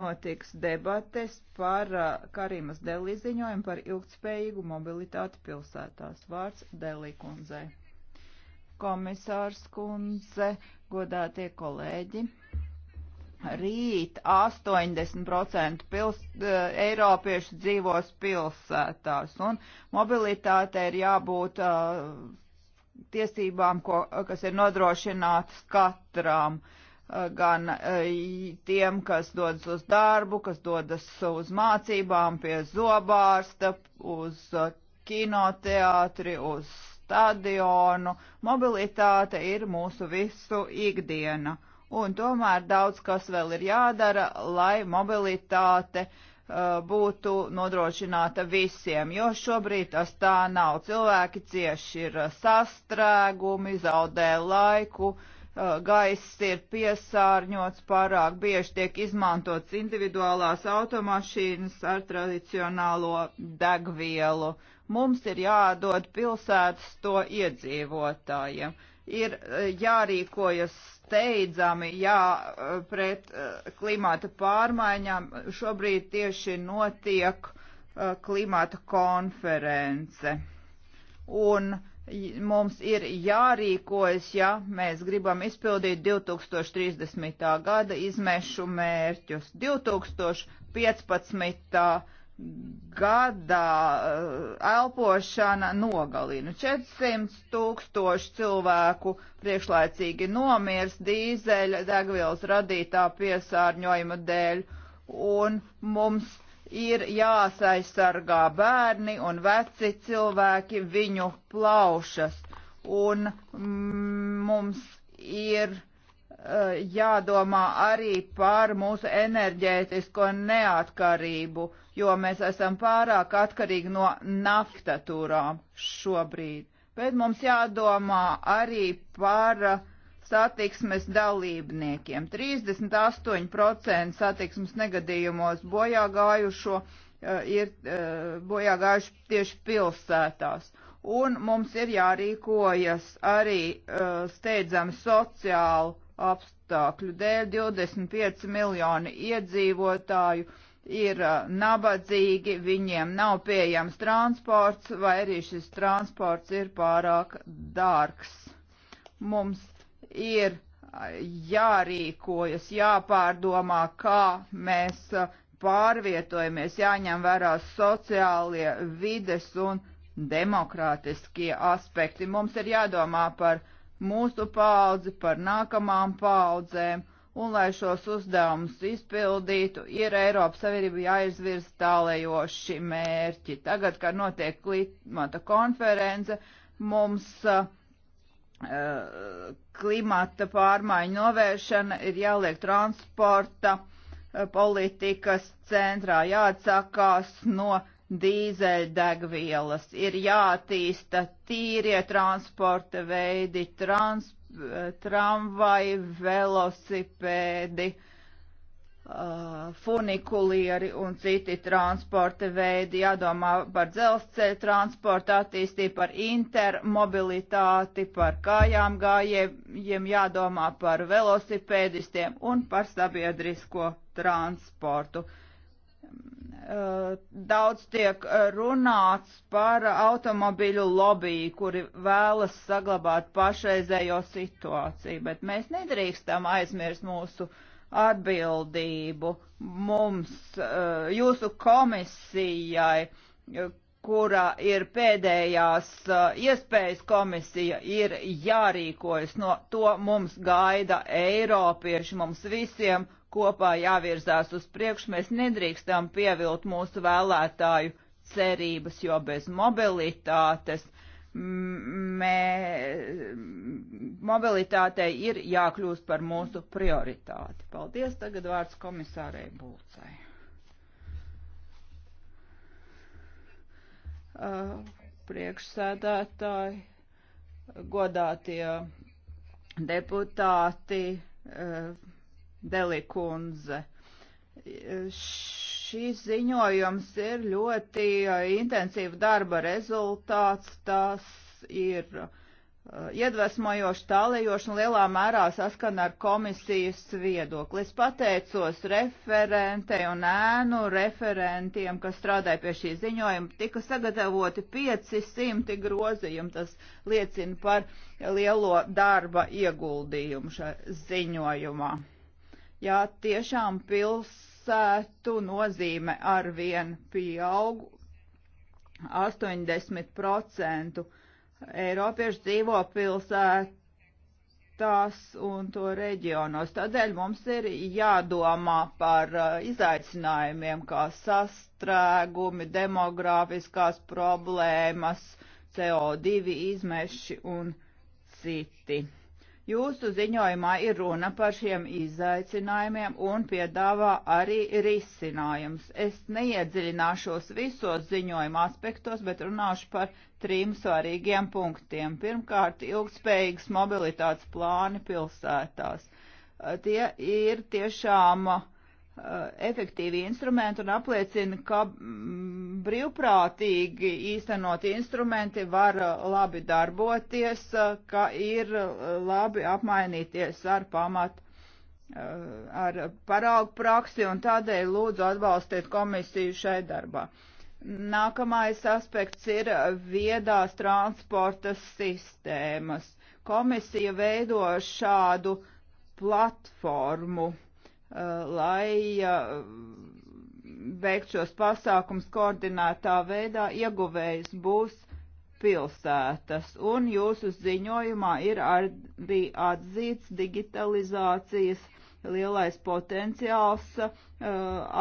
notiks debates par uh, Karīmas Delī ziņojumu par ilgtspējīgu mobilitāti pilsētās. Vārds Delī kundzei. Komisārs kundze, godātie kolēģi. Rīt 80% pils, uh, eiropiešu dzīvos pilsētās, un mobilitāte ir jābūt uh, tiesībām, ko, kas ir nodrošinātas katram. Uh, gan eh, tiem, kas dodas uz darbu, kas dodas uz mācībām, pie zobārsta, uz eh, kinoteātri, uz stadionu. Mobilitāte ir mūsu visu ikdiena. Un tomēr daudz kas vēl ir jādara, lai mobilitāte uh, būtu nodrošināta visiem, jo šobrīd tas tā nav. Cilvēki cieši ir sastrēgumi, zaudē laiku, uh, Uh, gaiss ir piesārņots, pārāk bieži tiek izmantots individuālās automašīnas ar tradicionālo degvielu. Mums ir jādod pilsētas to iedzīvotājiem. Ir uh, jārīkojas steidzami, jā, uh, pret klimata pārmaiņām. Šobrīd tieši notiek klimata konference un mums ir jārīkojas, ja mēs gribam izpildīt 2030. gada izmešu mērķus. 2015. gadā eh, elpošana nogalina 400 tūkstoši cilvēku priekšlaicīgi nomirs dīzeļa degvielas radītā piesārņojuma dēļ, un mums ir jāsaisargā bērni un veci cilvēki viņu plaušas. Un mm, mums ir uh, jādomā arī par mūsu enerģētisko neatkarību, jo mēs esam pārāk atkarīgi no naftatūrām šobrīd. Bet mums jādomā arī par uh, satiksmes dalībniekiem. 38% satiksmes negadījumos bojā gājušo e, ir e, bojā gājuši tieši pilsētās. Un mums ir jārīkojas arī e, steidzami sociālu apstākļu dēļ. 25 miljoni iedzīvotāju ir nabadzīgi, viņiem nav pieejams transports vai arī šis transports ir pārāk dārgs. Mums ir jārīkojas, jāpārdomā, kā mēs pārvietojamies, jāņem vērā sociālie vides un demokrātiskie aspekti. Mums ir jādomā par mūsu paudzi, par nākamām paudzēm, un lai šos uzdevumus izpildītu, ir Eiropas Savienība jāizvirz tālējoši mērķi. Tagad, kad notiek klimata konference, mums uh, Eh, klimata pārmaiņu novēršana ir jāliek transporta eh, politikas centrā, jāatsakās no dīzeļdegvielas, ir jātīsta tīrie transporta veidi, trans, eh, tramvai, velosipēdi, uh, Uh, funikulieri un citi transporta veidi, jādomā par dzelzceļa transportu attīstību, par intermobilitāti, par kājām gājiem, jādomā par velosipēdistiem un par sabiedrisko transportu. Uh, daudz tiek runāts par automobiļu lobby, kuri vēlas saglabāt pašreizējo situāciju, bet mēs nedrīkstam aizmirst mūsu uh, atbildību mums, eh, jūsu komisijai, kurā ir pēdējās eh, iespējas komisija, ir jārīkojas. No to mums gaida Eiropieši, mums visiem kopā jāvirzās uz priekšu. Mēs nedrīkstam pievilt mūsu vēlētāju cerības, jo bez mobilitātes mē, mobilitātei ir jākļūst par mūsu prioritāti. Paldies, tagad vārds komisārei Būcai. Uh, priekšsēdētāji, godātie deputāti, uh, Delikundze. Uh, Šīs ziņojums ir ļoti eh, intensīva darba rezultāts. Tas ir eh, iedvesmojoši, tālējoši un lielā mērā saskana ar komisijas viedokli. Es pateicos referentei un ēnu referentiem, kas strādāja pie šī ziņojuma. Tika sagatavoti 500 grozījumi. Tas liecina par lielo darba ieguldījumu šajā ziņojumā. Jā, tiešām pils pilsētu nozīme arvien pieaug. 80% Eiropiešu dzīvo pilsētās un to reģionos. Tādēļ mums ir jādomā par uh, izaicinājumiem, kā sastrēgumi, demografiskās problēmas, CO2 izmeši un citi. Jūsu ziņojumā ir runa par šiem izaicinājumiem un piedāvā arī risinājums. Es neiedziļināšos visos ziņojuma aspektos, bet runāšu par trim svarīgiem punktiem. Pirmkārt, ilgspējīgas mobilitātes plāni pilsētās. Tie ir tiešām uh, Uh, efektīvi instrumenti un apliecina, ka mm, brīvprātīgi īstenot instrumenti var uh, labi darboties, uh, ka ir labi apmainīties ar pamat ar paraugu praksi un tādēļ lūdzu atbalstiet komisiju šai darbā. Nākamais aspekts ir viedās transporta sistēmas. Komisija veido šādu platformu Uh, lai veikt uh, šos pasākums koordinētā veidā, ieguvējs būs pilsētas, un jūsu ziņojumā ir arī atzīts digitalizācijas lielais potenciāls uh,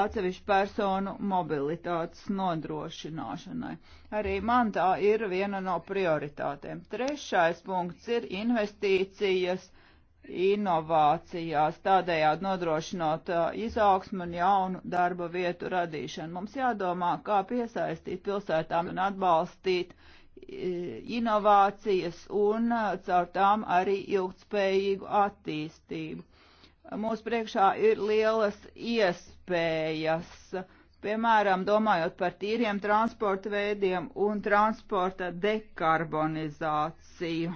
atsevišķu personu mobilitātes nodrošināšanai. Arī man tā ir viena no prioritātēm. Trešais punkts ir investīcijas uh, inovācijās, tādējādi nodrošinot uh, izaugsmu un jaunu darba vietu radīšanu. Mums jādomā, kā piesaistīt pilsētām un atbalstīt inovācijas un uh, caur tām arī ilgtspējīgu attīstību. Mūsu priekšā ir lielas iespējas, piemēram, domājot par tīriem transporta veidiem un transporta dekarbonizāciju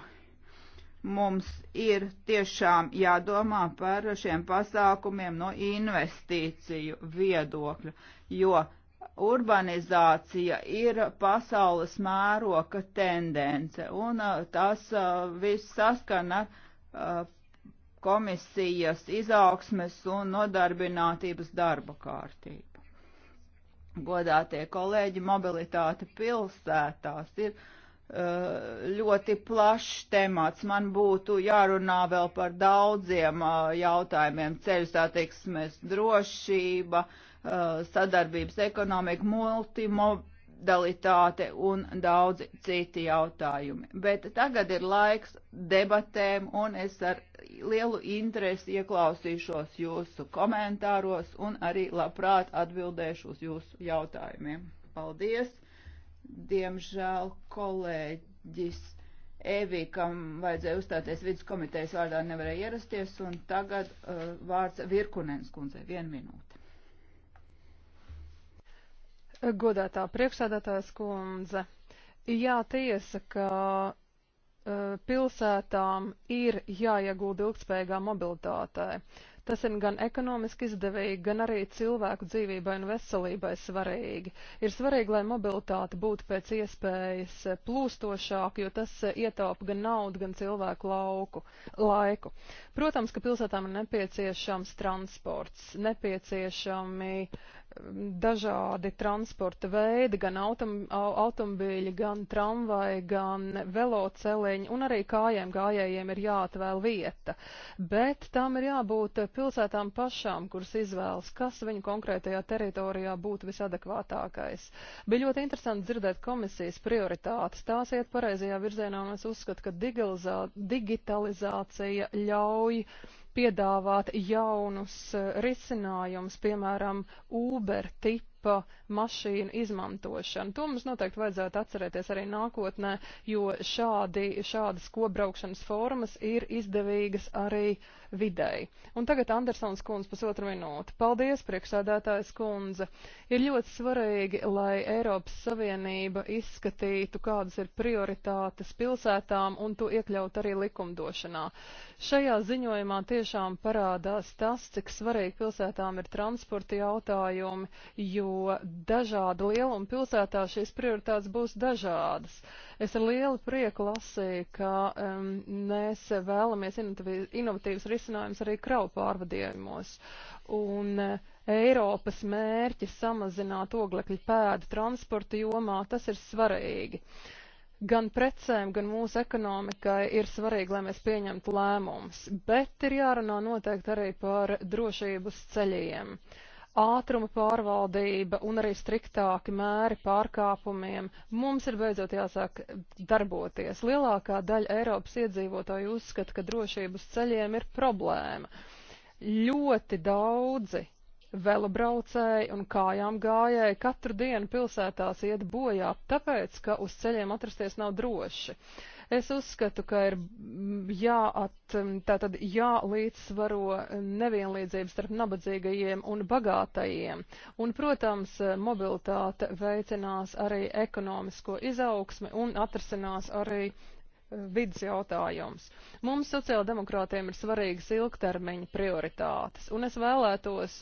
mums ir tiešām jādomā par šiem pasākumiem no investīciju viedokļa, jo urbanizācija ir pasaules mēroka tendence, un uh, tas uh, viss saskana uh, komisijas izaugsmes un nodarbinātības darba kārtību. Godātie kolēģi, mobilitāte pilsētās ir uh, Eh, ļoti plašs temats. Man būtu jārunā vēl par daudziem eh, jautājumiem - ceļu satiksmes drošība, eh, sadarbības ekonomika, multimodalitāte un daudzi citi jautājumi. Bet tagad ir laiks debatēm, un es ar lielu interesi ieklausīšos jūsu komentāros un arī labprāt atbildēšu uz jūsu jautājumiem. Paldies! Diemžēl kolēģis Evī, kam vajadzēja uzstāties viduskomitejas vārdā, nevarēja ierasties, un tagad uh, vārds Virkunens kundzei. Vienu minūti. Godētā priekšsēdētājas kundze. Jā, tiesa, ka uh, pilsētām ir jāiegūda ilgspējīgā mobilitātē. Tas ir gan ekonomiski izdevīgi, gan arī cilvēku dzīvībai un veselībai svarīgi. Ir svarīgi, lai mobilitāte būtu pēc iespējas plūstošāka, jo tas ietaupa gan naudu, gan cilvēku lauku, laiku. Protams, ka pilsētām ir nepieciešams transports, nepieciešami um, dažādi transporta veidi, gan autom, automobīļi, gan tramvai, gan veloceliņi, un arī kājiem gājējiem ir jāatvēl vieta. Bet tam ir jābūt pilsētām pašām, kuras izvēlas, kas viņu konkrētajā teritorijā būtu visadekvātākais. Bija ļoti interesanti dzirdēt komisijas prioritātes. Tās iet pareizajā virzienā, un es uzskatu, ka digitalizācija ļauj ļauj piedāvāt jaunus eh, risinājumus, piemēram, Uber tipa mašīnu izmantošanu. To mums noteikti vajadzētu atcerēties arī nākotnē, jo šādi, šādas kobraukšanas formas ir izdevīgas arī videi. Un tagad Andersons kundze pusotru minūti. Paldies, priekšsēdētājs kundze. Ir ļoti svarīgi, lai Eiropas Savienība izskatītu, kādas ir prioritātes pilsētām un to iekļaut arī likumdošanā. Šajā ziņojumā tiešām parādās tas, cik svarīgi pilsētām ir transporta jautājumi, jo dažāda lieluma pilsētā šīs prioritātes būs dažādas. Es ar lielu prieku lasīju, ka um, mēs vēlamies inovatīvas risinājumus arī kravu pārvadījumos. Un, uh, Eiropas mērķis samazināt oglekļa pēdu transporta jomā, tas ir svarīgi. Uh, gan precēm, gan mūsu ekonomikai ir svarīgi, lai mēs pieņemtu lēmumus, bet ir jārunā noteikti arī par drošības ceļiem. Ātruma pārvaldība un arī striktāki mēri pārkāpumiem mums ir beidzot jāsāk darboties. Lielākā daļa Eiropas iedzīvotāju uzskata, ka drošības ceļiem ir problēma. Ļoti daudzi velobraucēji un kājām gājēji katru dienu pilsētās iet bojā, tāpēc, ka uz ceļiem atrasties nav droši. Es uzskatu, ka ir jāat, tātad jālīdzsvaro nevienlīdzības starp nabadzīgajiem un bagātajiem. Un, protams, mobilitāte veicinās arī ekonomisko izaugsmi un atrasinās arī e, vidas jautājums. Mums sociāldemokrātiem ir svarīgas ilgtermiņa prioritātes, un es vēlētos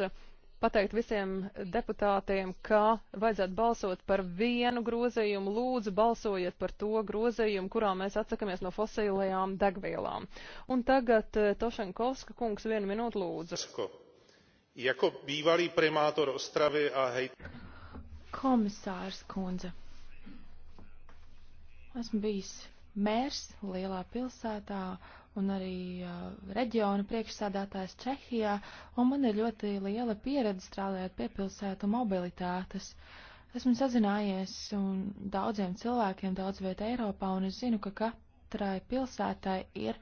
pateikt visiem deputātiem, ka vajadzētu balsot par vienu grozījumu. Lūdzu, balsojiet par to grozījumu, kurā mēs atsakamies no fosilajām degvielām. Un tagad eh, Tošenkovska kungs vienu minūtu lūdzu. Jako bývalý primátor Ostravy a hejt... Komisārs kundze. Esmu bijis mērs lielā pilsētā un arī uh, reģiona priekšsādātājs Čehijā, un man ir ļoti liela pieredze strādājot pie pilsētu mobilitātes. Esmu sazinājies un daudziem cilvēkiem daudz vietā Eiropā, un es zinu, ka katrai pilsētai ir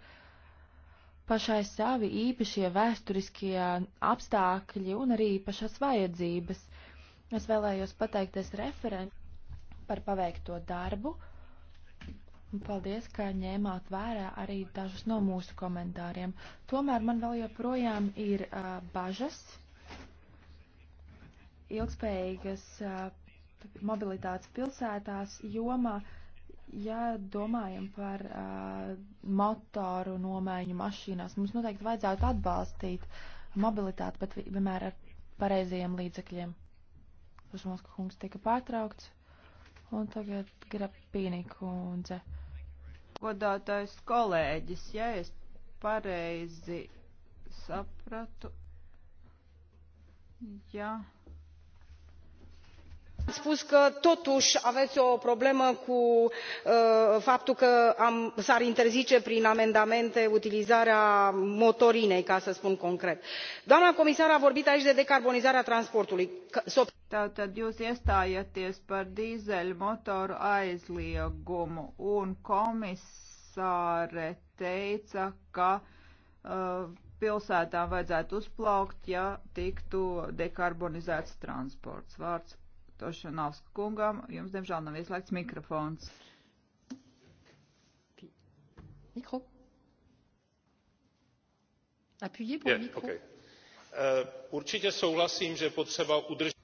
pašai savi īpašie vēsturiskie apstākļi un arī pašas vajadzības. Es vēlējos pateikties referentam par paveikto darbu Paldies, ka ņēmāt vērā arī dažus no mūsu komentāriem. Tomēr man vēl joprojām ir uh, bažas. Ilgspējīgas uh, mobilitātes pilsētās jomā, ja domājam par uh, motoru nomaiņu mašīnās, mums noteikti vajadzētu atbalstīt mobilitāti, bet vienmēr ar pareizajiem līdzekļiem. Tas mums kungs tika pārtraukts. Un tagad grapīni kundze. Uh, Godātais kolēģis, ja es pareizi sapratu, ja. Ați spus că totuși aveți o problemă cu uh, faptul că am, s-ar interzice prin amendamente utilizarea motorinei, ca să spun concret. Doamna comisar a vorbit aici de decarbonizarea transportului. Că, so Tātad jūs iestājaties par dīzeļu motoru aizliegumu, un komisāre teica, ka uh, pilsētām vajadzētu uzplaukt, ja tiktu dekarbonizēts transports. Vārds Tošanovska kungam, jums diemžēl nav ieslēgts mikrofons. Mikro. Appuyez pour yeah, micro. Okay. Uh, určitě souhlasím, že potřeba udržet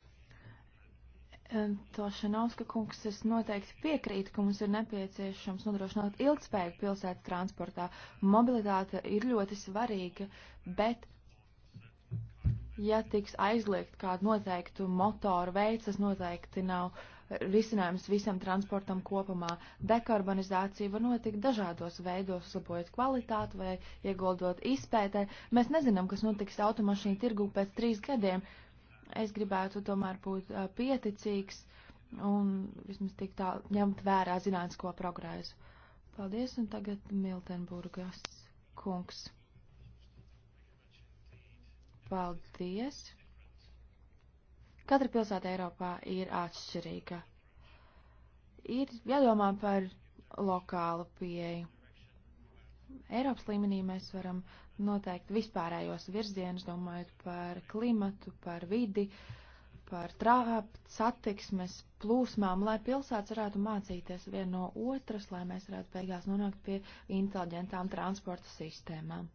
Tošanovska kungs, es noteikti piekrītu, ka mums ir nepieciešams nodrošināt ilgspēju pilsētas transportā. Mobilitāte ir ļoti svarīga, bet ja tiks aizliegt kādu noteiktu motoru veids, tas noteikti nav risinājums visam transportam kopumā. Dekarbonizācija var notikt dažādos veidos, uzlabojot kvalitāti vai ieguldot izpētē. Mēs nezinām, kas notiks automašīnu tirgu pēc trīs gadiem. Uh, Es gribētu tomēr būt uh, pieticīgs un vismaz tik tā ņemt vērā zinātnisko progresu. Paldies, un tagad Miltenburgas kungs. Paldies. Katra pilsēta Eiropā ir atšķirīga. Ir jādomā par lokālu pieeju. Eiropas līmenī mēs varam noteikti vispārējos virzienus, domājot par klimatu, par vidi, par trāp, satiksmes, plūsmām, lai pilsētas varētu mācīties viena no otras, lai mēs varētu beigās nonākt pie inteliģentām transporta sistēmām.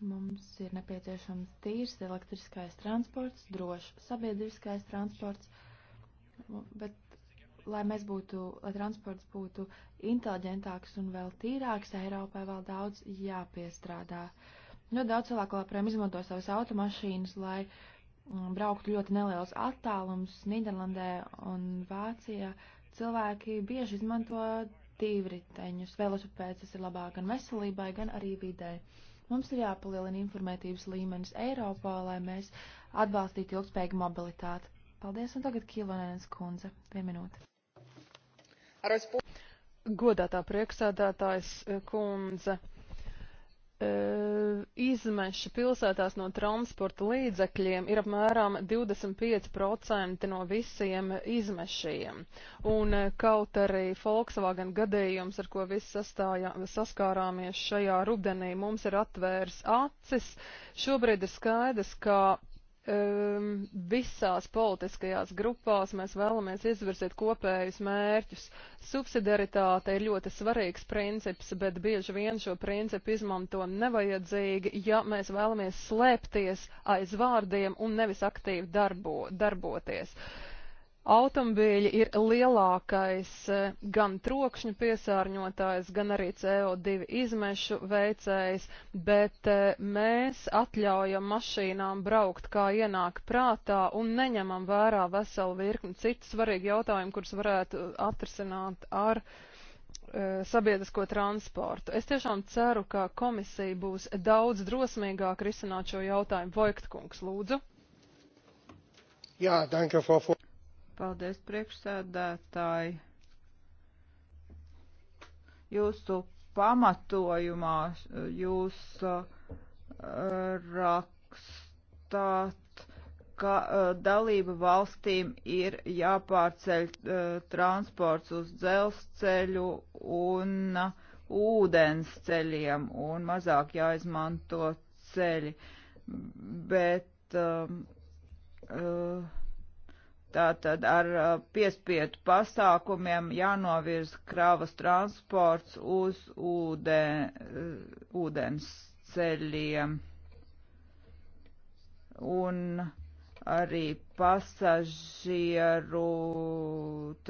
Mums ir nepieciešams tīrs elektriskais transports, drošs sabiedriskais transports, bet lai mēs būtu, lai transports būtu inteliģentāks un vēl tīrāks, Eiropai vēl daudz jāpiestrādā. Nu, daudz cilvēku labprāt izmanto savas automašīnas, lai m, mm, brauktu ļoti neliels attālums Nīderlandē un Vācijā. Cilvēki bieži izmanto tīvriteņus, velosipēds ir labāk gan veselībai, gan arī vidē. Mums ir jāpalielina informētības līmenis Eiropā, lai mēs atbalstītu ilgspējīgu mobilitāti. Paldies, un tagad Kilonēnas kundze. Vienu minūti. Godātā prieksēdētājs eh, kundze eh, izmeši pilsētās no transporta līdzekļiem ir apmēram 25% no visiem izmešiem. Un eh, kaut arī Volkswagen gadījums, ar ko visi sastājā, saskārāmies šajā rudenī, mums ir atvērs acis, šobrīd ir skaidrs, ka um, visās politiskajās grupās mēs vēlamies izvirzīt kopējus mērķus. Subsidiaritāte ir ļoti svarīgs princips, bet bieži vien šo principu izmanto nevajadzīgi, ja mēs vēlamies slēpties aiz vārdiem un nevis aktīvi darbo, darboties. Uh, Automobīļi ir lielākais eh, gan trokšņu piesārņotājs, gan arī CO2 izmešu veicējs, bet eh, mēs atļaujam mašīnām braukt, kā ienāk prātā, un neņemam vērā veselu virkni citu svarīgu jautājumu, kurus varētu eh, atrisināt ar sabiedrisko transportu. Es tiešām ceru, ka komisija būs daudz drosmīgāk risināt šo jautājumu. Vojktkungs, lūdzu. Jā, danke, Frau for... Paldies, priekšsēdētāji. Jūsu pamatojumā jūs uh, rakstāt, ka uh, dalība valstīm ir jāpārceļ uh, transports uz dzelzceļu un ūdens ceļiem un mazāk jāizmanto ceļi. Bet um, uh, Tātad ar uh, piespietu pasākumiem jānovirz kravas transports uz ūden, uh, ūdens ceļiem. Un arī pasažieru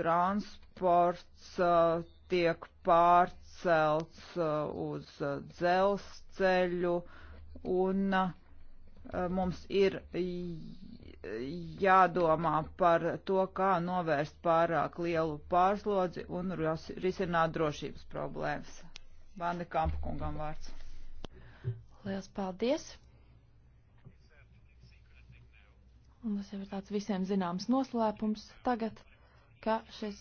transports uh, tiek pārcelts uz dzelzceļu un mums ir jādomā par to, kā novērst pārāk lielu pārslodzi un risināt drošības problēmas. Vanda Kampkungam vārds. Liels paldies! Un tas jau ir tāds visiem zināms noslēpums tagad, ka šis,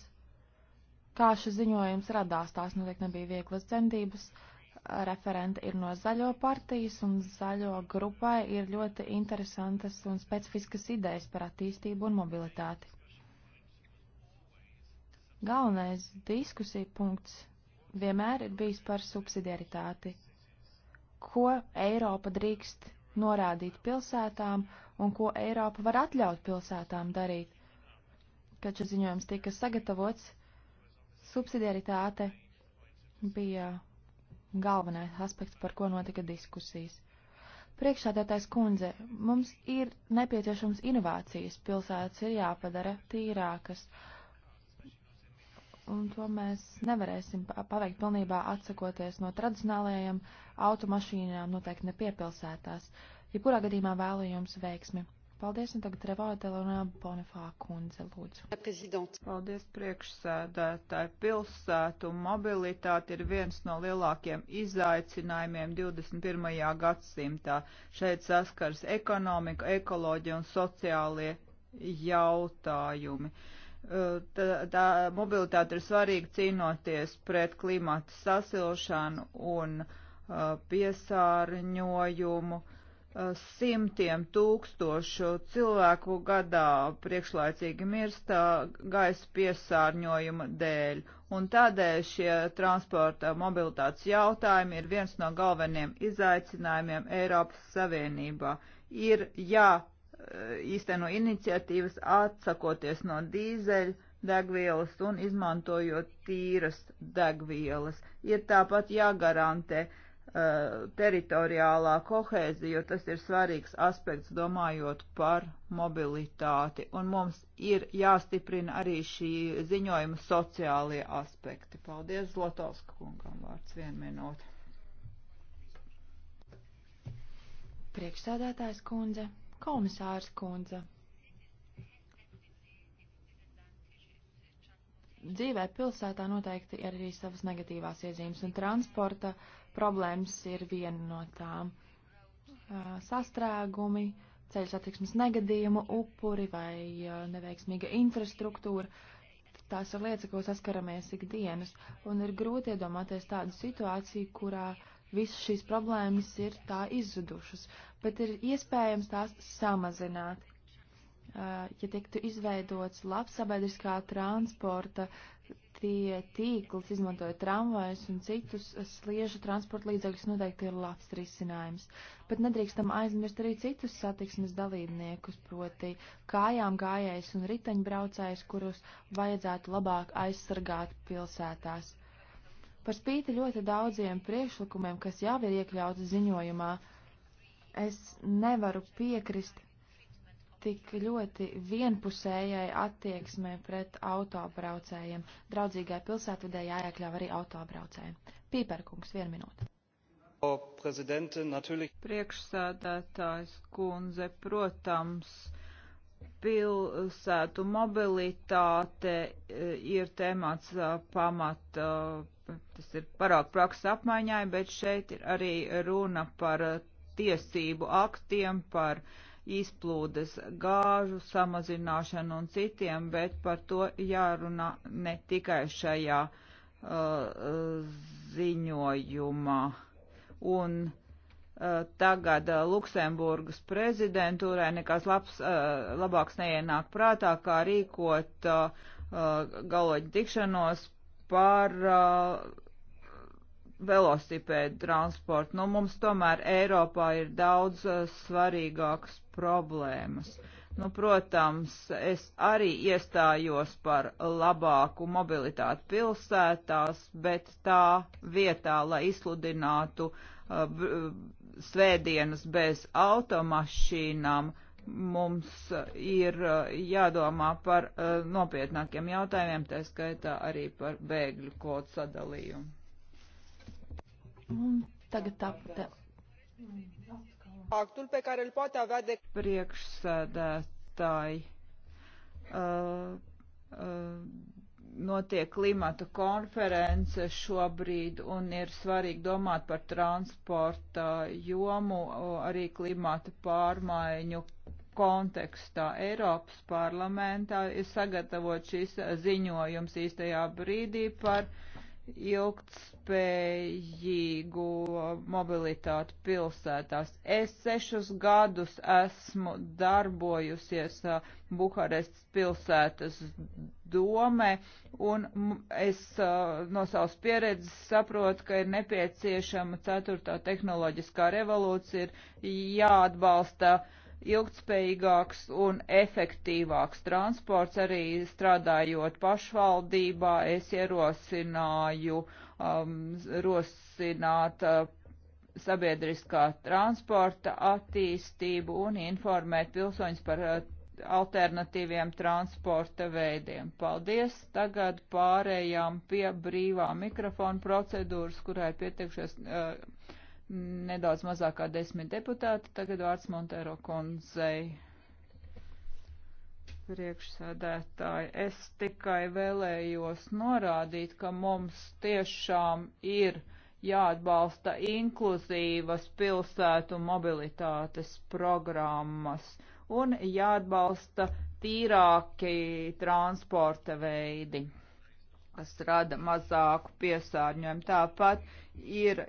kā šis ziņojums radās, tās noteikti nebija vieglas dzemdības. Uh, referente ir no zaļo partijas, un zaļo grupai ir ļoti interesantas un specifiskas idejas par attīstību un mobilitāti. Galvenais diskusija punkts vienmēr ir bijis par subsidiaritāti. Ko Eiropa drīkst norādīt pilsētām un ko Eiropa var atļaut pilsētām darīt? Kad šis ziņojums tika sagatavots, subsidiaritāte bija galvenais aspekts, par ko notika diskusijas. Priekšsādātais kundze, mums ir nepieciešams inovācijas, pilsētas ir jāpadara tīrākas, un to mēs nevarēsim paveikt pilnībā atsakoties no tradicionālajiem automašīnām, noteikti ne piepilsētās. Jebkurā gadījumā vēlu jums veiksmi! Paldies, un tagad Revādela un Bonifā kundze, lūdzu. Paldies, priekšsēdētāji. Pilsētu mobilitāte ir viens no lielākiem izaicinājumiem 21. gadsimtā. Šeit saskars ekonomika, ekoloģija un sociālie jautājumi. Uh, tā, tā mobilitāte ir svarīga cīnoties pret klimata sasilšanu un uh, piesārņojumu. Uh, simtiem tūkstošu cilvēku gadā priekšlaicīgi mirstā gaisa piesārņojuma dēļ. Un tādēļ šie transporta mobilitātes jautājumi ir viens no galveniem izaicinājumiem Eiropas Savienībā. Ir jāīsteno eh, ja, iniciatīvas atsakoties no dīzeļa degvielas un izmantojot tīras degvielas. Ir tāpat jāgarantē uh, Eh, teritoriālā kohēzija, jo tas ir svarīgs aspekts domājot par mobilitāti. Un mums ir jāstiprina arī šī ziņojuma sociālie aspekti. Paldies Zlatovska kungam vārds vien minūte. Priekšsādātājs kundze, komisārs kundze. Dzīvē pilsētā noteikti ir arī savas negatīvās iezīmes un transporta uh, problēmas ir viena no tām. Sastrēgumi, ceļu satiksmes negadījumu upuri vai neveiksmīga infrastruktūra. Tās ir lietas, ko saskaramies ikdienas, un ir grūti iedomāties tādu situāciju, kurā visas šīs problēmas ir tā izzudušas, bet ir iespējams tās samazināt. Ja tiktu izveidots labs sabiedriskā transporta tie tīkls, izmantojot tramvajus un citus sliežu transporta līdzekļus, noteikti ir labs risinājums. Bet nedrīkstam aizmirst arī citus satiksmes dalībniekus, proti kājām gājējus un riteņbraucējus, kurus vajadzētu labāk aizsargāt pilsētās. Par spīti ļoti daudziem priekšlikumiem, kas jau ir iekļauti ziņojumā, es nevaru piekrist tik ļoti vienpusējai attieksmē pret autobraucējiem. Draudzīgai pilsētvidē jāiekļauj arī autobraucējiem. Pīperkungs, vienu minūti. Priekšsēdētājs kundze, protams, pilsētu mobilitāte e, ir temats e, pamata, e, tas ir parāk praksa apmaiņai, bet šeit ir arī runa par tiesību aktiem, par uh, izplūdes gāžu samazināšanu un citiem, bet par to jārunā ne tikai šajā uh, ziņojumā. Un uh, tagad uh, Luksemburgas prezidentūrai nekas labs, uh, labāks neienāk prātā, kā rīkot uh, uh, galoģi tikšanos par uh, velosipēdu transportu. Nu, mums tomēr Eiropā ir daudz uh, svarīgākas problēmas. Nu, protams, es arī iestājos par labāku mobilitāti pilsētās, bet tā vietā, lai izsludinātu uh, svētdienas bez automašīnām, mums ir uh, jādomā par nopietnākiem jautājumiem, tā skaitā arī par bēgļu kodu sadalījumu. Un tagad tā pat. Actul pe care îl poate avea de priekšsēdētāji. Uh, uh, notiek klimata konference šobrīd un ir svarīgi domāt par transporta jomu uh, arī klimata pārmaiņu kontekstā. Eiropas parlamentā ir sagatavot šis ziņojums īstajā brīdī par uh, ilgtspējīgu mobilitāti pilsētās. Es sešus gadus esmu darbojusies Buharestas pilsētas domē, un es no savas pieredzes saprotu, ka ir nepieciešama ceturtā tehnoloģiskā revolūcija, ir jāatbalsta uh, ilgtspējīgāks un efektīvāks transports. Arī strādājot pašvaldībā, es ierosināju um, rosināt uh, sabiedriskā transporta attīstību un informēt pilsoņus par uh, alternatīviem transporta veidiem. Paldies! Tagad pārējām pie brīvā mikrofona procedūras, kurā ir pieteikšies. Uh, nedaudz mazāk kā desmit deputāti. Tagad vārds Montero kundzei. Priekšsēdētāji, es tikai vēlējos norādīt, ka mums tiešām ir jāatbalsta inkluzīvas pilsētu mobilitātes programmas un jāatbalsta tīrāki transporta veidi kas rada mazāku piesārņojumu. Tāpat ir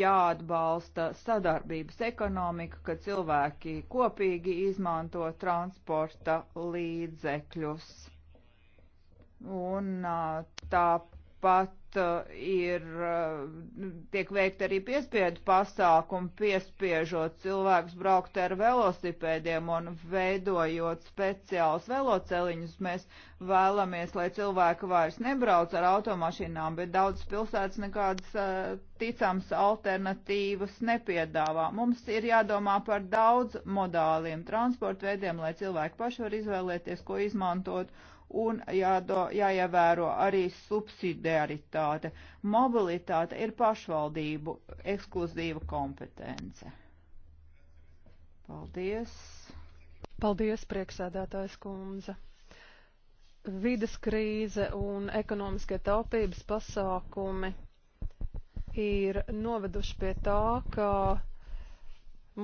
jāatbalsta sadarbības ekonomika, ka cilvēki kopīgi izmanto transporta līdzekļus. Un tāpat Uh, ir, uh, tiek veikt arī piespiedu pasākumi, piespiežot cilvēkus braukt ar velosipēdiem un veidojot speciālus veloceliņus. Mēs vēlamies, lai cilvēki vairs nebrauc ar automašīnām, bet daudz pilsētas nekādas uh, ticams alternatīvas nepiedāvā. Mums ir jādomā par daudz modāliem transportveidiem, lai cilvēki paši var izvēlēties, ko izmantot un jādo, jāievēro arī subsidiaritāte. Mobilitāte ir pašvaldību ekskluzīva kompetence. Paldies! Paldies, prieksēdētājs kundze! Vides krīze un ekonomiskie taupības pasākumi ir noveduši pie tā, ka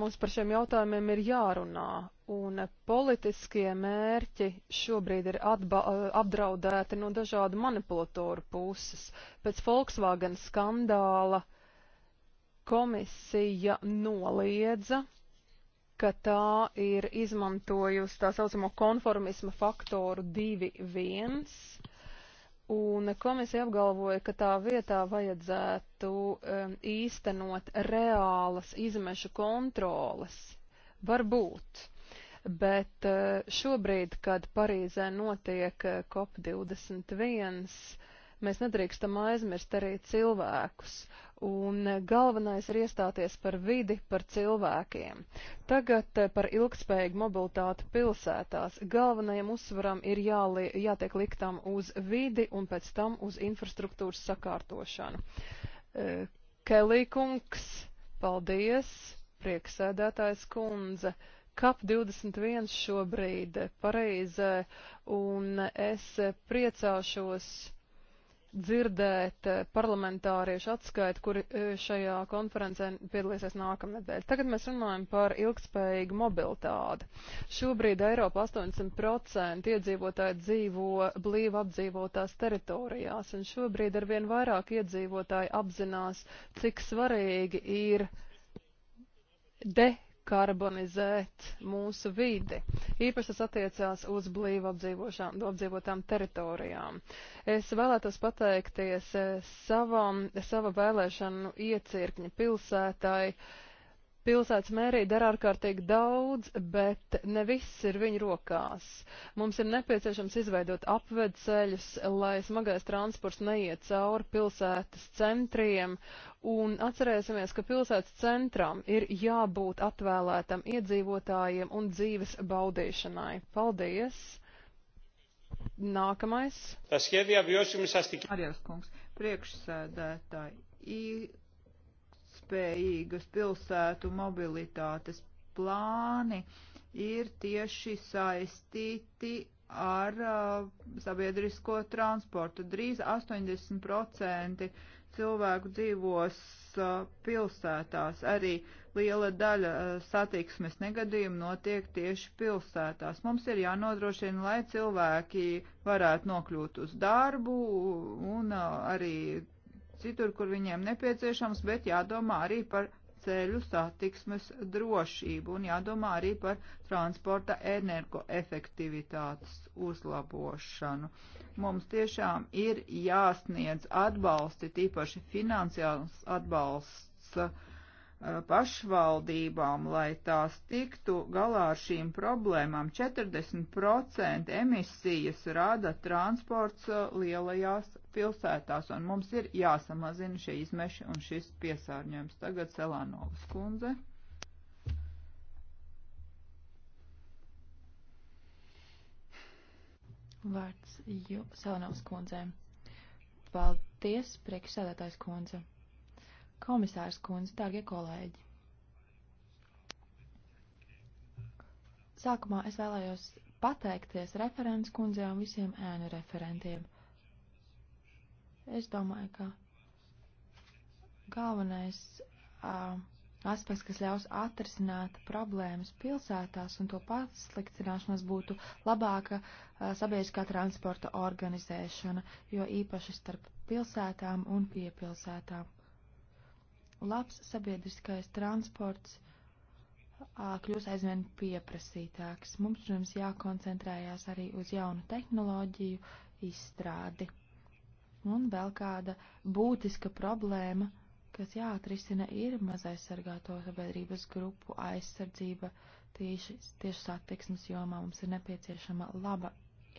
Mums par šiem jautājumiem ir jārunā, un politiskie mērķi šobrīd ir atba, eh, apdraudēti no dažādu manipulatoru puses. Pēc Volkswagen skandāla komisija noliedza, ka tā ir izmantojusi tā saucamo konformisma faktoru 2.1 Un komisija apgalvoja, ka tā vietā vajadzētu um, īstenot reālas izmešu kontroles. Varbūt. Bet uh, šobrīd, kad Parīzē notiek uh, COP21, Mēs nedrīkstam aizmirst arī cilvēkus, un eh, galvenais ir iestāties par vidi, par cilvēkiem. Tagad eh, par ilgspējīgu mobilitāti pilsētās. Galvenajam uzsvaram ir jāli, jātiek liktam uz vidi un pēc tam uz infrastruktūras sakārtošanu. Eh, Kelī kungs, paldies, prieksēdētājs kundze. CAP 21 šobrīd Parīzē, un es priecāšos dzirdēt eh, parlamentāriešu atskaitu, kuri eh, šajā konferencē piedalīsies nākamnedēļ. Tagad mēs runājam par ilgspējīgu mobilitāti. Šobrīd Eiropa 80% iedzīvotāji dzīvo blīvi apdzīvotās teritorijās, un šobrīd arvien vairāk iedzīvotāji apzinās, cik svarīgi ir de karbonizēt mūsu vidi. Īpaši tas attiecās uz blīvu apdzīvotām teritorijām. Es vēlētos pateikties eh, savam, sava vēlēšanu iecirkņa pilsētai Pilsētas mērī dara ārkārtīgi daudz, bet ne viss ir viņu rokās. Mums ir nepieciešams izveidot apvedceļus, lai smagais transports neiet cauri pilsētas centriem, un atcerēsimies, ka pilsētas centram ir jābūt atvēlētam iedzīvotājiem un dzīves baudīšanai. Paldies! Nākamais. Tas ir jābūt jums astīgi. Arī kungs, priekšsēdētāji ilgtspējīgas pilsētu mobilitātes plāni ir tieši saistīti ar uh, sabiedrisko transportu. Drīz 80% cilvēku dzīvos uh, pilsētās. Arī liela daļa uh, satiksmes negadījumu notiek tieši pilsētās. Mums ir jānodrošina, lai cilvēki varētu nokļūt uz darbu un uh, arī citur, kur viņiem nepieciešams, bet jādomā arī par ceļu satiksmes drošību un jādomā arī par transporta energoefektivitātes uzlabošanu. Mums tiešām ir jāsniedz atbalsti, tīpaši finansiāls atbalsts uh, pašvaldībām, lai tās tiktu galā ar šīm problēmām. 40% emisijas rada transports uh, lielajās pilsētās, un mums ir jāsamazina šie izmeši un šis piesārņojums. Tagad Selānovas kundze. Vārds Selānovas kundzēm. Paldies, priekšsēdētājs kundze. Komisārs kundze, dārgie kolēģi. Sākumā es vēlējos pateikties referents kundzē un visiem ēnu referentiem. Es domāju, ka galvenais uh, aspekts, kas ļaus atrisināt problēmas pilsētās un to pasliktināšanos, būtu labāka uh, sabiedriskā transporta organizēšana, jo īpaši starp pilsētām un piepilsētām. Labs sabiedriskais transports uh, kļūs aizvien pieprasītāks. Mums, protams, jākoncentrējās arī uz jaunu tehnoloģiju izstrādi. Un vēl kāda būtiska problēma, kas jāatrisina, ir mazaizsargāto sabiedrības grupu aizsardzība tieši, tieši satiksmes jomā. Mums ir nepieciešama laba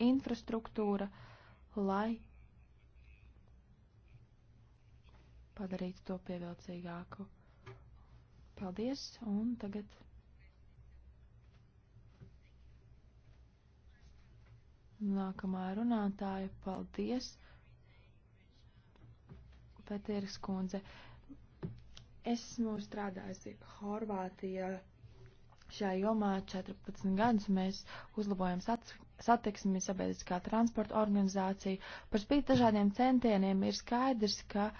infrastruktūra, lai padarītu to pievilcīgāku. Paldies, un tagad. Nākamā runātāja, paldies! Petīras kundze. Esmu strādājusi Horvātijā šajā jomā 14 gadus. Mēs uzlabojam satiksmi, sabiedriskā transporta organizāciju. Par spīti dažādiem centieniem ir skaidrs, ka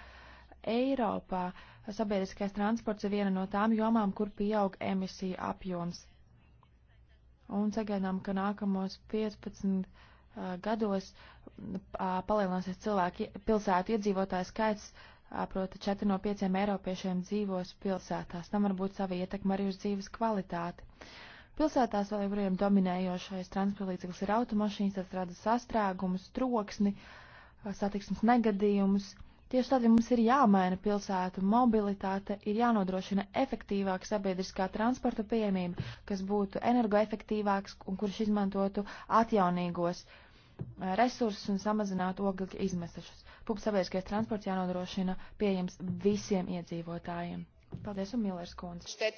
Eiropā sabiedriskais transports ir viena no tām jomām, kur pieaug emisija apjoms. Un sagaidām, ka nākamos 15 gados palielināsies cilvēki, pilsētu iedzīvotāju skaits, proti 4 no 5 eiropiešiem dzīvos pilsētās. Tam var būt sava ietekma arī uz dzīves kvalitāti. Pilsētās vēl joprojām dominējošais transportlīdzeklis ir automašīnas, tas rada sastrēgumus, troksni, satiksmes negadījumus. Tieši tādēļ mums ir jāmaina pilsētu mobilitāte, ir jānodrošina efektīvāka sabiedriskā transporta pieejamība, kas būtu energoefektīvāks un kurš izmantotu atjaunīgos uh, Eh, resursus un samazināt oglekļa izmešus. Publiski sabiedriskais transports jānodrošina pieejams visiem iedzīvotājiem. Paldies, un Millers kundze.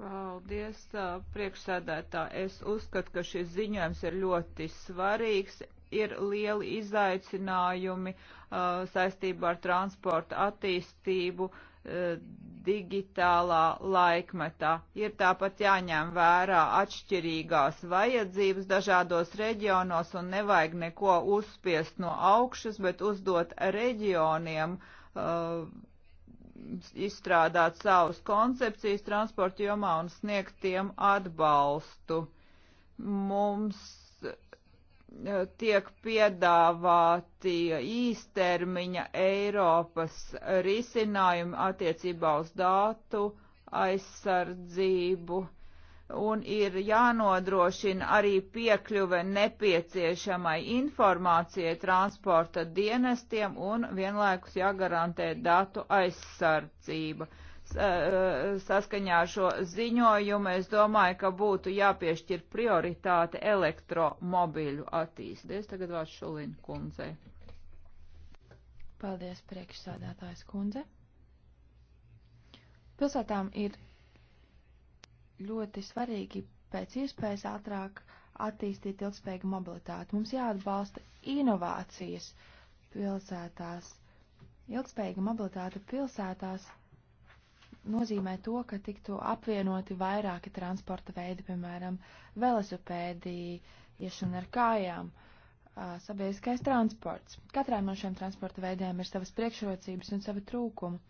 Paldies, eh, priekšsēdētā. Es uzskatu, ka šis ziņojums ir ļoti svarīgs. Ir lieli izaicinājumi uh, saistībā ar transporta attīstību. Uh, digitālā laikmetā. Ir tāpat jāņem vērā atšķirīgās vajadzības dažādos reģionos un nevajag neko uzspiest no augšas, bet uzdot reģioniem uh, izstrādāt savus koncepcijas transporta jomā un sniegt tiem atbalstu. Mums tiek piedāvāti īstermiņa Eiropas risinājumi attiecībā uz datu aizsardzību un ir jānodrošina arī piekļuve nepieciešamai informācijai transporta dienestiem un vienlaikus jāgarantē datu aizsardzība. Uh, uh, saskaņā ar šo ziņojumu es domāju, ka būtu jāpiešķir prioritāte elektromobīļu attīstīties. Tagad vārds Šulina kundzei. Paldies, priekšsādātājs kundze. Pilsētām ir ļoti svarīgi pēc iespējas ātrāk attīstīt ilgspējīgu mobilitāti. Mums jāatbalsta inovācijas pilsētās. Ilgspējīga mobilitāte pilsētās nozīmē to, ka tiktu apvienoti vairāki transporta veidi, piemēram, velosipēdi, iešana ar kājām, sabiedriskais transports. Katrā no šiem transporta veidiem ir savas priekšrocības un sava trūkuma.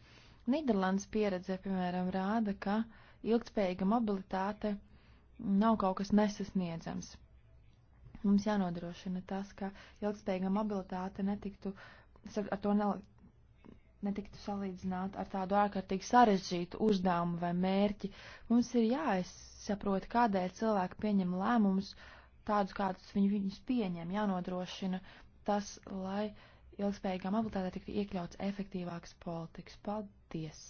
Nīderlandes pieredze, piemēram, rāda, ka ilgspējīga mobilitāte nav kaut kas nesasniedzams. Mums jānodrošina tas, ka ilgspējīga mobilitāte netiktu, ar to nelikt netiktu salīdzināta ar tādu ārkārtīgi sarežģītu uzdevumu vai mērķi. Mums ir jāizsaprot, kādēļ cilvēki pieņem lēmumus tādus, kādus viņi viņus pieņem, jānodrošina tas, lai ilgspējīgā mobilitātē tiktu iekļauts efektīvāks politikas. Paldies!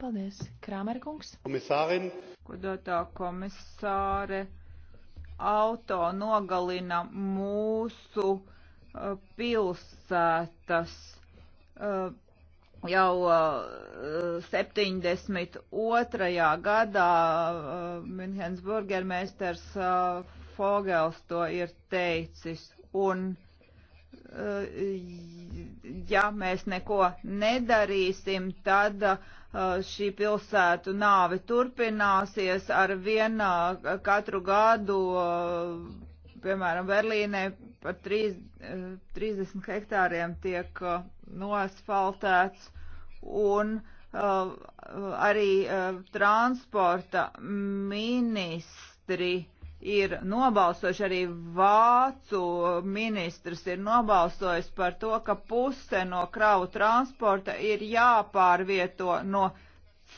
Paldies, Krāmerkungs! Komisārin! Kodotā komisāre! Auto nogalina mūsu uh, pilsētas Uh, jau 72. Uh, gadā uh, Minhens burgermeisters Fogels to ir teicis. Un, ja mēs neko nedarīsim, tad šī pilsētu nāve turpināsies ar vienā katru gadu, piemēram, Berlīnē par 30 hektāriem tiek nosfaltēts un uh, arī uh, transporta ministri ir nobalsojuši, arī Vācu ministrs ir nobalsojis par to, ka puse no kravu transporta ir jāpārvieto no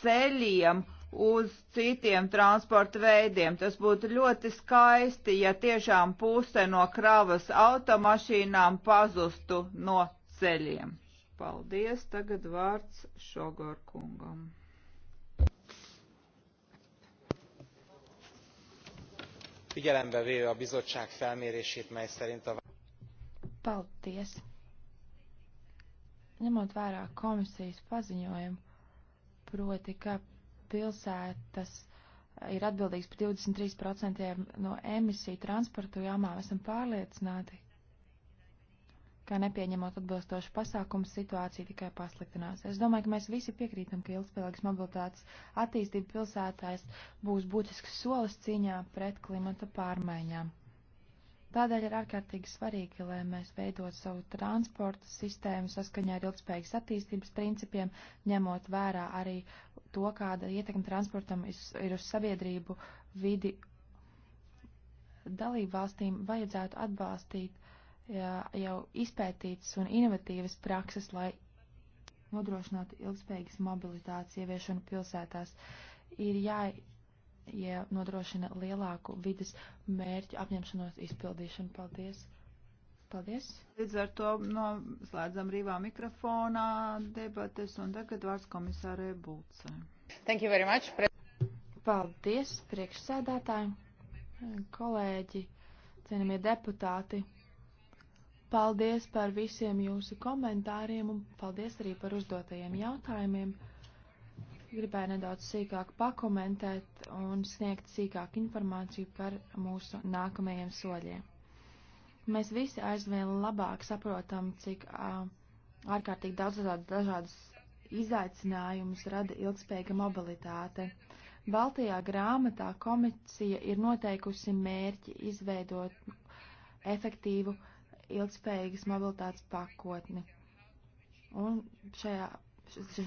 ceļiem uz citiem transporta veidiem. Tas būtu ļoti skaisti, ja tiešām puse no kravas automašīnām pazustu no ceļiem. Paldies, tagad vārds Šogor kungam. Figyelembe véve a bizottság felmérését, mely szerint a... Paldies. Ņemot vērā komisijas paziņojumu, proti, ka pilsētas ir atbildīgs par 23% no emisiju transportu jāmā, esam pārliecināti, ka nepieņemot atbilstošu pasākumu situācija tikai pasliktinās. Es domāju, ka mēs visi piekrītam, ka ilgspējīgas mobilitātes attīstība pilsētājs būs būtisks solis cīņā pret klimata pārmaiņām. Tādēļ ir ārkārtīgi svarīgi, lai mēs veidot savu transporta sistēmu saskaņā ar ilgspējīgas attīstības principiem, ņemot vērā arī to, kāda ietekme transportam ir uz sabiedrību, vidi. Dalību valstīm vajadzētu atbalstīt uh, jā, jau izpētītas un inovatīvas prakses, lai nodrošinātu ilgspējīgas mobilitātes ieviešanu pilsētās. Ir jānodrošina ja lielāku vidas mērķu apņemšanos izpildīšanu. Paldies! Paldies! Līdz ar to noslēdzam rīvā mikrofonā debates un tagad vārds komisārē Bulcē. Thank you very much. Pre Paldies priekšsēdētājiem, kolēģi, cienījamie deputāti. Paldies par visiem jūsu komentāriem un paldies arī par uzdotajiem jautājumiem. Gribēju nedaudz sīkāk pakomentēt un sniegt sīkāk informāciju par mūsu nākamajiem soļiem. Mēs visi aizvien labāk saprotam, cik ā, ārkārtīgi daudz dažādas izaicinājumus rada ilgspējīga mobilitāte. Baltajā grāmatā komisija ir noteikusi mērķi izveidot efektīvu uh, ilgspējīgas mobilitātes pakotni. Un šajā,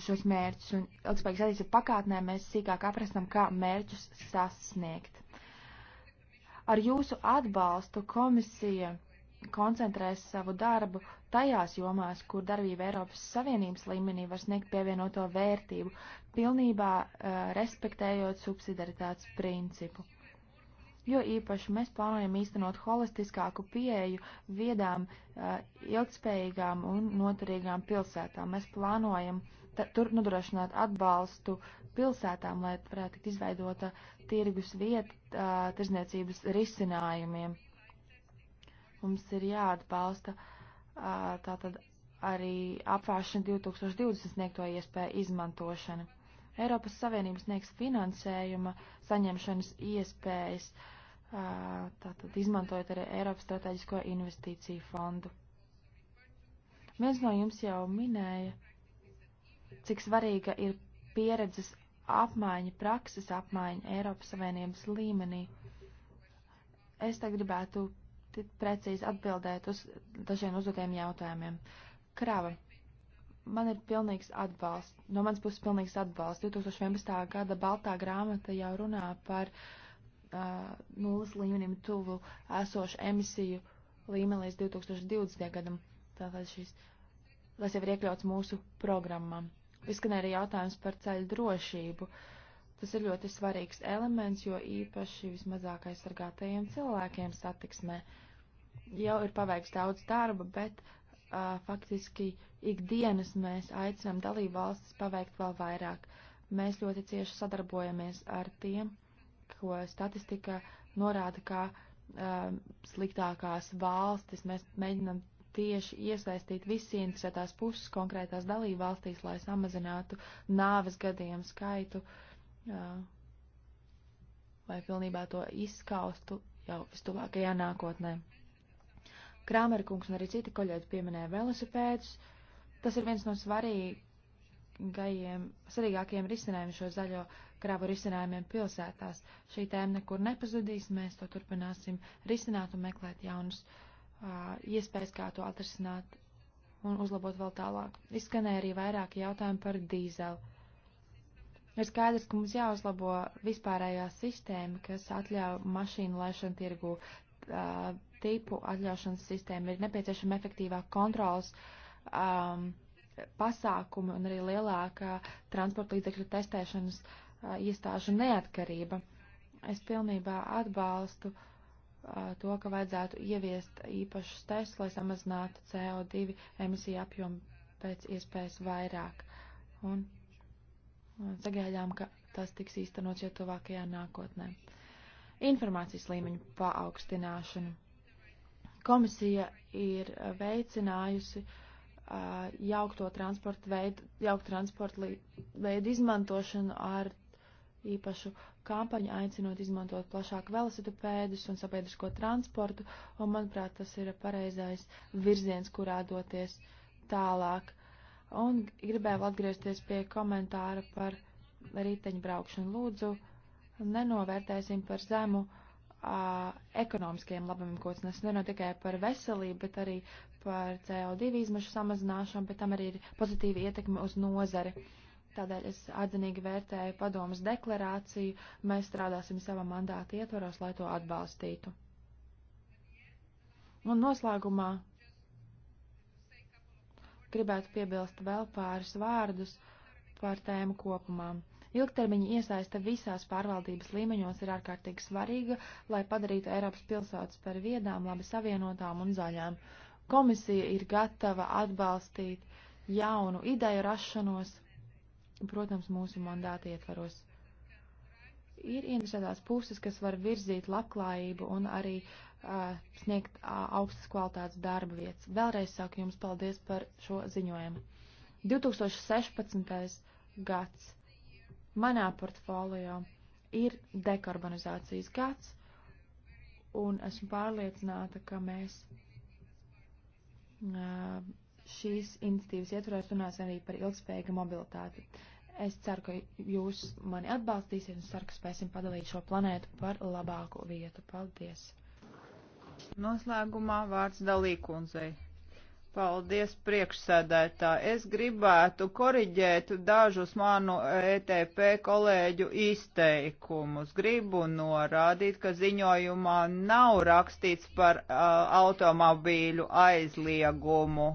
šos mērķus un ilgspējīgas attīstības pakātnē mēs sīkāk aprastam, kā mērķus sasniegt. Ar jūsu atbalstu komisija koncentrēs savu darbu tajās jomās, kur darbība Eiropas Savienības līmenī var sniegt pievienoto vērtību, pilnībā uh, respektējot subsidaritātes principu jo īpaši mēs plānojam īstenot holistiskāku pieeju viedām, eh, ilgspējīgām un noturīgām pilsētām. Mēs plānojam tur nodrošināt atbalstu pilsētām, lai varētu tikt izveidota tirgus vieta eh, tirzniecības risinājumiem. Mums ir jāatbalsta eh, tātad arī apvāršana 2020 sniegto iespēju izmantošana. Eiropas Savienības sniegs finansējuma saņemšanas iespējas uh, tātad izmantojot arī Eiropas strateģisko investīciju fondu. Viens no jums jau minēja, cik svarīga ir pieredzes apmaiņa, prakses apmaiņa Eiropas Savienības līmenī. Es te gribētu precīzi atbildēt uz dažiem uzdotiem jautājumiem. Krava. Man ir pilnīgs atbalsts, no manas puses pilnīgs atbalsts. 2011. gada Baltā grāmata jau runā par uh, uh, nulles līmenim tuvu esošu emisiju līmeni līdz 2020. gadam. Tātad šis, tas jau ir iekļauts mūsu programmā. Izskan arī jautājums par ceļu drošību. Tas ir ļoti svarīgs elements, jo īpaši vismazāk aizsargātajiem cilvēkiem satiksmē jau ir paveikts daudz darba, bet uh, faktiski ikdienas mēs aicinām dalību valstis paveikt vēl vairāk. Mēs ļoti cieši sadarbojamies ar tiem, ko statistika norāda kā um, sliktākās valstis. Mēs mēģinam tieši iesaistīt visi interesētās puses konkrētās dalību valstīs, lai samazinātu nāves gadījumu skaitu, uh, lai pilnībā to izskaustu jau vistuvākajā nākotnē. Krāmerkungs un arī citi kolēģi pieminēja velosipēdus. Tas ir viens no svarīgajiem, svarīgākajiem risinājumiem šo zaļo uh, kravu risinājumiem pilsētās. Šī tēma nekur nepazudīs, mēs to turpināsim risināt un meklēt jaunus uh, iespējas, kā to atrisināt un uzlabot vēl tālāk. Izskanēja arī vairāki jautājumi par dīzeli. Ir skaidrs, ka mums jāuzlabo vispārējā sistēma, kas atļauj mašīnu laišanu tirgu uh, tipu atļaušanas sistēmu. Ir nepieciešama efektīvāka kontrols. Um, pasākumi un arī lielāka transporta līdzekļu testēšanas uh, iestāžu neatkarība. Es pilnībā atbalstu to, ka vajadzētu ieviest īpašus testus, lai samazinātu CO2 emisiju apjomu pēc iespējas vairāk. Un, un sagaidām, ka tas tiks īstenots jau tuvākajā nākotnē. Informācijas līmeņu paaugstināšanu. Komisija ir veicinājusi uh, jaukto transportu veidu, jauktu transportu veidu izmantošanu ar īpašu kampaņu, aicinot izmantot plašāk velosipēdus un sabiedrisko transportu, un, manuprāt, tas ir pareizais virziens, kurā doties tālāk. Un gribēju atgriezties pie komentāra par riteņbraukšanu. Lūdzu, nenovērtēsim par zemu uh, ekonomiskajiem labumiem, ko tas nes ne tikai par veselību, bet arī par CO2 izmešu samazināšanu, bet tam arī ir pozitīva ietekme uz nozari. Uh, Tādēļ es atzinīgi vērtēju padomas deklarāciju, mēs strādāsim savā mandāta ietvaros, lai to atbalstītu. Un noslēgumā gribētu piebilst vēl pāris vārdus par tēmu kopumā. Ilgtermiņa iesaista visās pārvaldības līmeņos ir ārkārtīgi svarīga, lai padarītu Eiropas pilsētas par viedām, labi savienotām un zaļām. Komisija ir gatava atbalstīt jaunu ideju rašanos protams, mūsu mandāta ietvaros. Ir interesētās puses, kas var virzīt labklājību un arī uh, sniegt uh, augstas kvalitātes darba vietas. Vēlreiz saku jums paldies par šo ziņojumu. 2016. gads manā portfolio ir dekarbonizācijas gads, un esmu pārliecināta, ka mēs uh, šīs iniciatīvas ietvaros runās arī par ilgspējīgu mobilitāti. Es ceru, ka jūs mani atbalstīsiet un ceru, ka spēsim padalīt šo planētu par labāku vietu. Paldies! Noslēgumā vārds dalīkundzei. Paldies, priekšsēdētā. Es gribētu koriģēt dažus manu ETP kolēģu izteikumus. Gribu norādīt, ka ziņojumā nav rakstīts par uh, automobīļu aizliegumu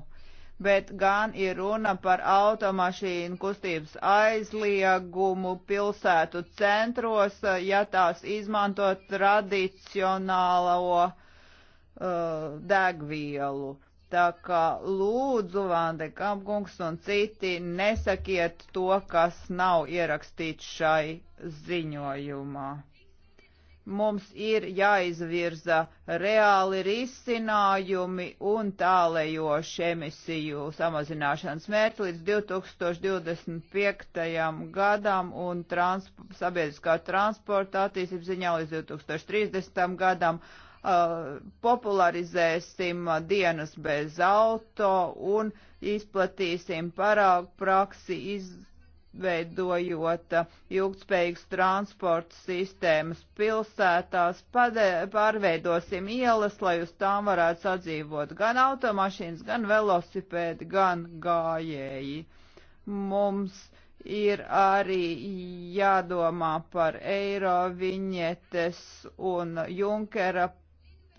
bet gan ir runa par automašīnu kustības aizliegumu pilsētu centros, eh, ja tās izmanto tradicionālo uh, degvielu. Tā kā lūdzu, Vande Kampkungs un citi, nesakiet to, kas nav ierakstīts šai ziņojumā mums ir jāizvirza reāli risinājumi un tālējoši emisiju samazināšanas mērķi līdz 2025. gadam un trans sabiedriskā transporta attīstības ziņā līdz 2030. gadam. Uh, popularizēsim dienas bez auto un izplatīsim parāgu praksi iz, veidojot uh, ilgspējīgas transporta sistēmas pilsētās, pārveidosim ielas, lai uz tām varētu sadzīvot gan automašīnas, gan velosipēdi, gan gājēji. Mums ir arī jādomā par eiro viņetes un Junkera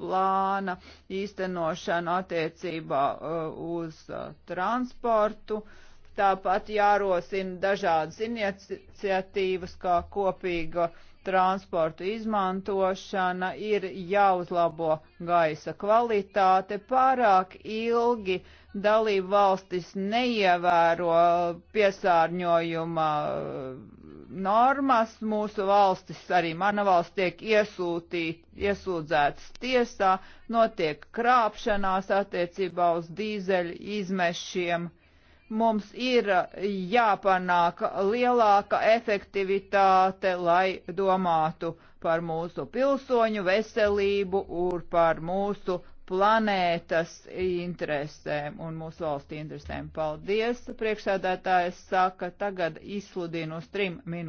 plāna īstenošanu attiecībā uh, uz uh, transportu. Uh, Tāpat jārosina dažādas iniciatīvas, kā kopīga transportu izmantošana, ir jāuzlabo gaisa kvalitāte. Pārāk ilgi dalību valstis neievēro piesārņojuma normas. Mūsu valstis, arī mana valsts, tiek iesūtīt, iesūdzētas tiesā, notiek krāpšanās attiecībā uz dīzeļu izmešiem Mums ir eh, jāpanāk lielāka efektivitāte, lai domātu par mūsu pilsoņu veselību un par mūsu planētas interesēm un mūsu valsts interesēm. Paldies, priekšsēdētājs saka, tagad izsludinu uz trim minūtēm.